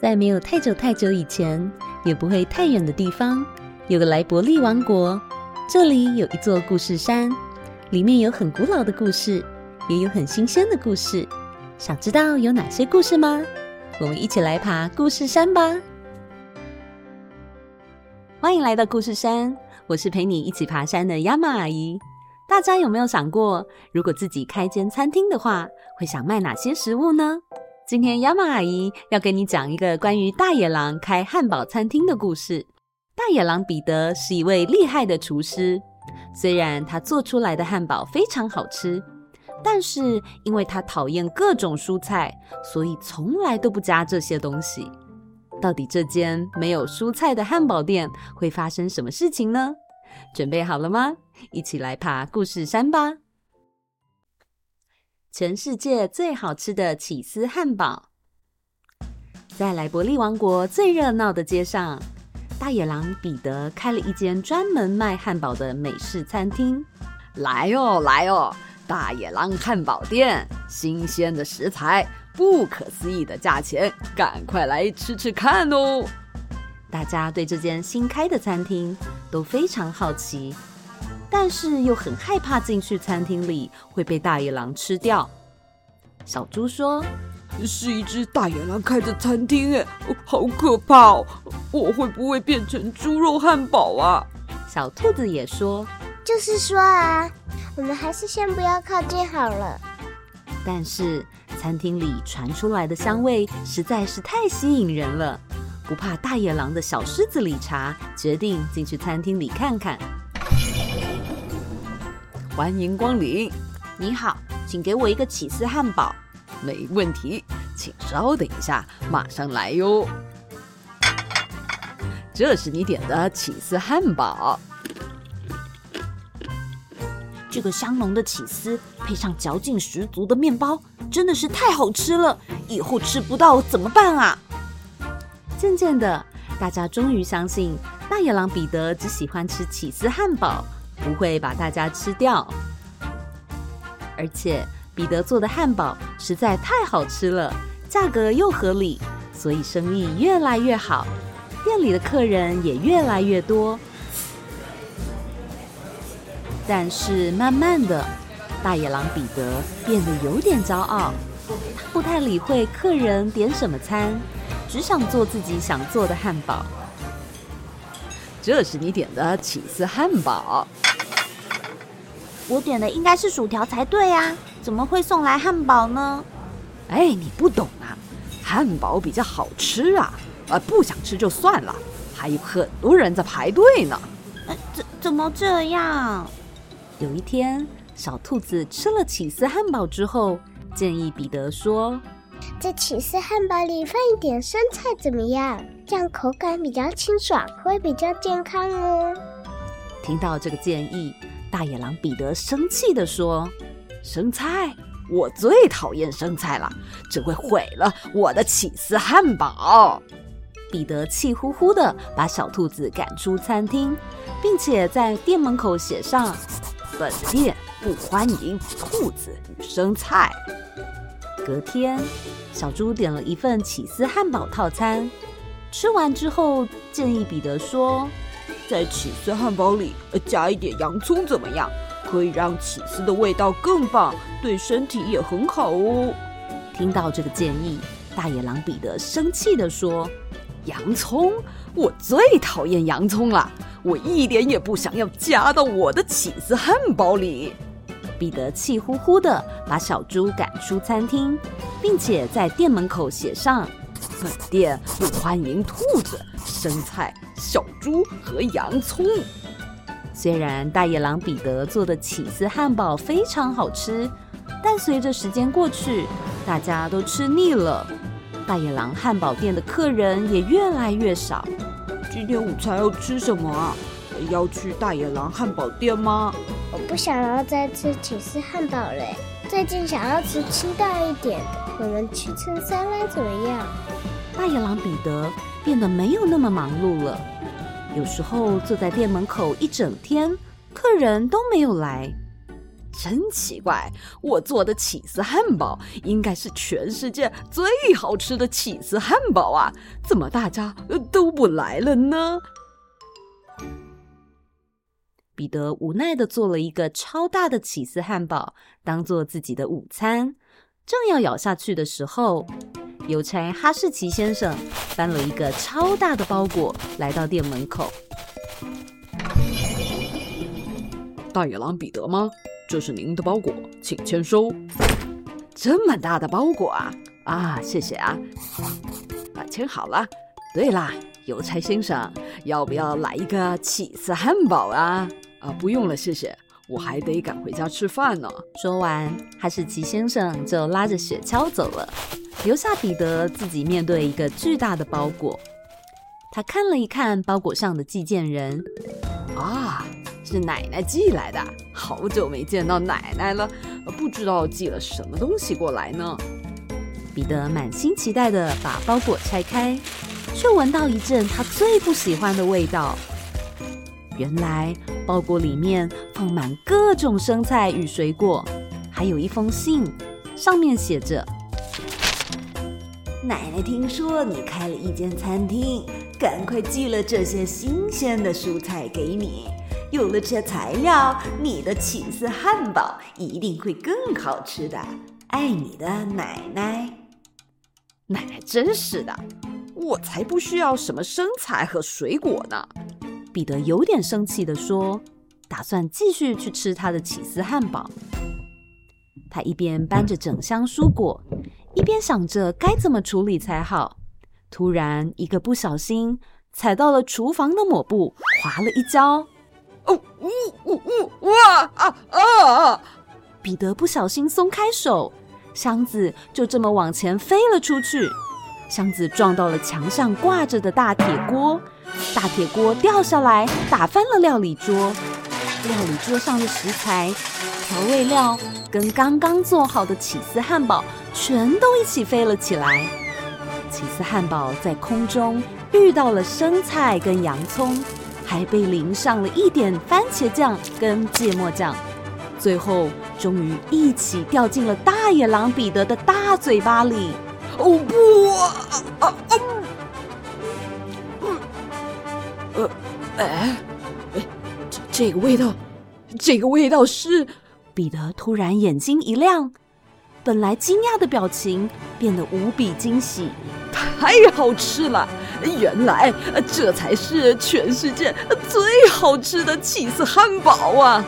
在沒有太久太久以前，也不會太遠的地方，有個萊伯利王國。這裡有一座故事山，裡面有很古老的故事，也有很新鮮的故事。想知道有哪些故事嗎？我們一起來爬故事山吧！歡迎來到故事山，我是陪你一起爬山的 Yama 阿姨。大家有沒有想過，如果自己開間餐廳的話，會想賣哪些食物呢？今天 Yama 阿姨要給你講一個關於大野狼開漢堡餐廳的故事。大野狼彼得是一位厲害的廚師，雖然他做出來的漢堡非常好吃，但是因為他討厭各種蔬菜，所以從來都不加這些東西。到底這間沒有蔬菜的漢堡店會發生什麼事情呢？準備好了嗎？一起來爬故事山吧！全世界最好吃的起司漢堡，在萊伯利王國最熱鬧的街上，大野狼彼得開了一間專門賣漢堡的美式餐廳。來哦，來哦，大野狼漢堡店，新鮮的食材，不可思議的價錢，趕快來吃吃看哦！大家對這間新開的餐廳都非常好奇。但是又很害怕進去餐廳裡會被大野狼吃掉。小豬說：“是一隻大野狼開的餐廳，哎，好可怕哦！我會不會變成豬肉漢堡啊？”小兔子也說：“就是說啊，我們還是先不要靠近好了。”但是餐廳裡傳出來的香味實在是太吸引人了，不怕大野狼的小獅子理查決定進去餐廳裡看看。歡迎光臨！你好，請給我一個起司漢堡。沒問題，請稍等一下，馬上來喲。這是你點的起司漢堡。這個香濃的起司配上嚼勁十足的麵包，真的是太好吃了！以後吃不到怎麼辦啊？漸漸的，大家終於相信大野狼彼得只喜歡吃起司漢堡。不會把大家吃掉，而且彼得做的漢堡實在太好吃了，價格又合理，所以生意越來越好，店裡的客人也越來越多。但是慢慢的，大野狼彼得變得有點驕傲，他不太理會客人點什麼餐，只想做自己想做的漢堡。這是你點的起司漢堡。我點的應該是薯條才對啊，怎麼會送來漢堡呢？哎，你不懂啊，漢堡比較好吃啊，啊、呃，不想吃就算了，還有很多人在排隊呢。哎，怎怎麼這樣？有一天，小兔子吃了起司漢堡之後，建議彼得說：“在起司漢堡裡放一點生菜怎麼樣？這樣口感比較清爽，會比較健康哦。”聽到這個建議，大野狼彼得生氣地說：“生菜，我最討厭生菜了，這會毀了我的起司漢堡。”彼得氣呼呼地把小兔子趕出餐廳，並且在店門口寫上：“本店不歡迎兔子與生菜。”隔天，小豬點了一份起司漢堡套餐，吃完之後建議彼得說。在起司漢堡裡，呃，加一點洋蔥怎麼樣？可以讓起司的味道更棒，對身體也很好哦。聽到這個建議，大野狼彼得生氣地說：“洋蔥，我最討厭洋蔥了，我一點也不想要加到我的起司漢堡裡。”彼得氣呼呼地把小豬趕出餐廳，並且在店門口寫上：“本店不歡迎兔子、生菜。”小豬和洋蔥。雖然大野狼彼得做的起司漢堡非常好吃，但隨着時間過去，大家都吃膩了。大野狼漢堡店的客人也越來越少。今天午餐要吃什麼啊？要去大野狼漢堡店嗎？我不想要再吃起司漢堡了，最近想要吃清淡一點。我們去吃沙拉怎麼樣？大野狼彼得，變得沒有那麼忙碌了。有時候坐在店門口一整天，客人都沒有來。真奇怪，我做的起司漢堡應該是全世界最好吃的起司漢堡啊，怎麼大家都不來了呢？彼得無奈地做了一個超大的起司漢堡，當做自己的午餐，正要咬下去的時候。郵差哈士奇先生搬了一個超大的包裹來到店門口。「大野狼彼得嗎？這是您的包裹，請簽收。這麼大的包裹啊！啊，謝謝啊。啊，簽好了。對啦，郵差先生，要不要來一個起司漢堡啊？啊，不用了，謝謝。我還得趕回家吃飯呢、啊。說完，哈士奇先生就拉着雪橇走了。留下彼得自己面對一個巨大的包裹，他看了一看包裹上的寄件人，啊，是奶奶寄來的，好久沒見到奶奶了，不知道寄了什麼東西過來呢。彼得滿心期待地把包裹拆開，卻聞到一陣他最不喜歡的味道。原來包裹裡面放滿各種生菜與水果，還有一封信，上面寫着。奶奶聽說你開了一間餐廳，趕快寄了這些新鮮的蔬菜給你。有了這些材料，你的起司漢堡一定會更好吃的。愛你的奶奶。奶奶真是的，我才不需要什麼生菜和水果呢！彼得有點生氣地說，打算繼續去吃他的起司漢堡。他一邊搬着整箱蔬果。一邊想着該怎麼處理才好，突然一個不小心踩到了廚房的抹布，滑了一跤。哦嗚嗚嗚哇啊啊！彼得不小心鬆開手，箱子就這麼往前飛了出去。箱子撞到了牆上掛着的大鐵鍋，大鐵鍋掉下來，打翻了料理桌。料理桌上的食材、調味料跟剛剛做好的起司漢堡。全都一起飛了起來。起司漢堡在空中遇到了生菜跟洋蔥，還被淋上了一點番茄醬跟芥末醬。最後，終於一起掉進了大野狼彼得的大嘴巴裡。哦不、啊啊啊嗯嗯！呃，哎哎、這這個味道，這個味道是……彼得突然眼睛一亮。本來驚訝的表情變得無比驚喜，太好吃了！原來這才是全世界最好吃的起司漢堡啊！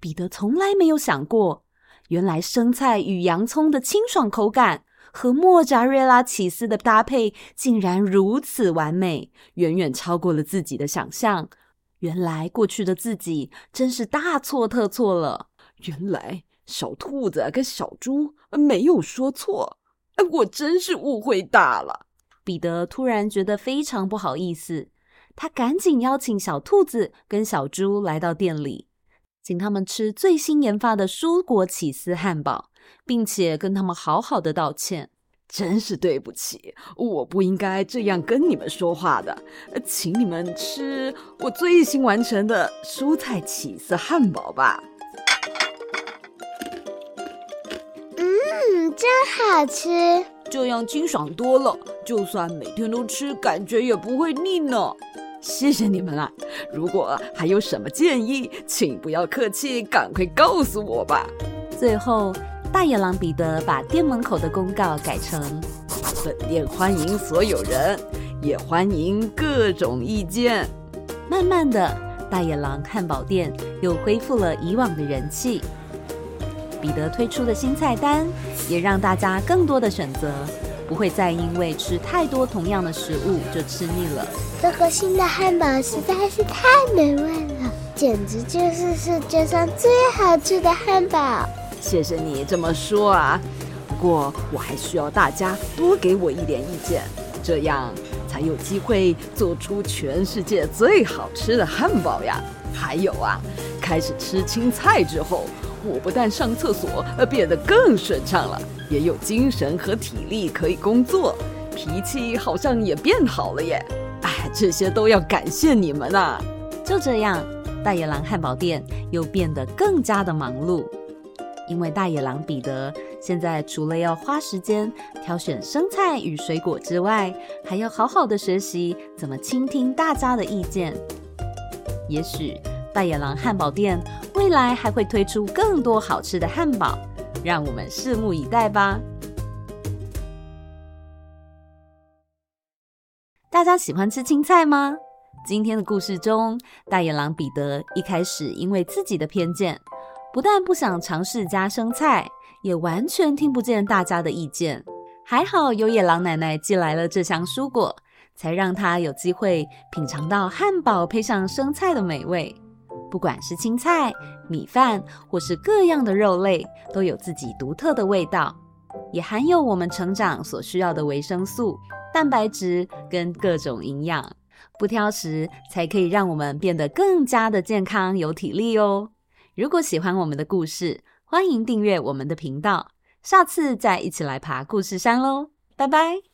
彼得從來沒有想過，原來生菜與洋蔥的清爽口感和莫扎瑞拉起司的搭配竟然如此完美，遠遠超過了自己的想象。原來過去的自己真是大錯特錯了。原來小兔子跟小豬沒有說錯，我真是誤會大了。彼得突然覺得非常不好意思，他趕緊邀請小兔子跟小豬來到店裡，請他們吃最新研發的蔬果起司漢堡，並且跟他們好好的道歉。真是對不起，我不應該這樣跟你們說話的，請你們吃我最新完成的蔬菜起司漢堡吧。嗯，真好吃，這樣清爽多了，就算每天都吃，感覺也不會膩呢。謝謝你們啦、啊，如果還有什麼建議，請不要客氣，趕快告訴我吧。最後。大野狼彼得把店門口的公告改成：“本店歡迎所有人，也歡迎各種意見。”慢慢的，大野狼漢堡店又恢復了以往的人氣。彼得推出的新菜單也讓大家更多的選擇，不會再因為吃太多同樣的食物就吃膩了。這個新的漢堡實在是太美味了，簡直就是世界上最好吃的漢堡。謝謝你這麼說啊，不過我還需要大家多給我一點意見，這樣才有機會做出全世界最好吃的漢堡呀。還有啊，開始吃青菜之後，我不但上廁所而變得更順暢了，也有精神和體力可以工作，脾氣好像也變好了耶。唉，這些都要感謝你們吶、啊。就這樣，大野狼漢堡店又變得更加的忙碌。因為大野狼彼得現在除了要花時間挑選生菜與水果之外，還要好好的學習怎麼傾聽大家的意見。也許大野狼漢堡店未來還會推出更多好吃的漢堡，讓我們拭目以待吧。大家喜歡吃青菜嗎？今天的故事中，大野狼彼得一開始因為自己的偏見。不但不想嘗試加生菜，也完全聽不見大家的意見。還好有野狼奶奶寄來了這箱蔬果，才讓他有機會品嘗到漢堡配上生菜的美味。不管是青菜、米飯，或是各樣的肉類，都有自己獨特的味道，也含有我們成長所需要的維生素、蛋白質跟各種營養。不挑食，才可以讓我們變得更加的健康有體力哦。如果喜歡我們的故事，歡迎訂閱我們的頻道。下次再一起來爬故事山嘍，拜拜。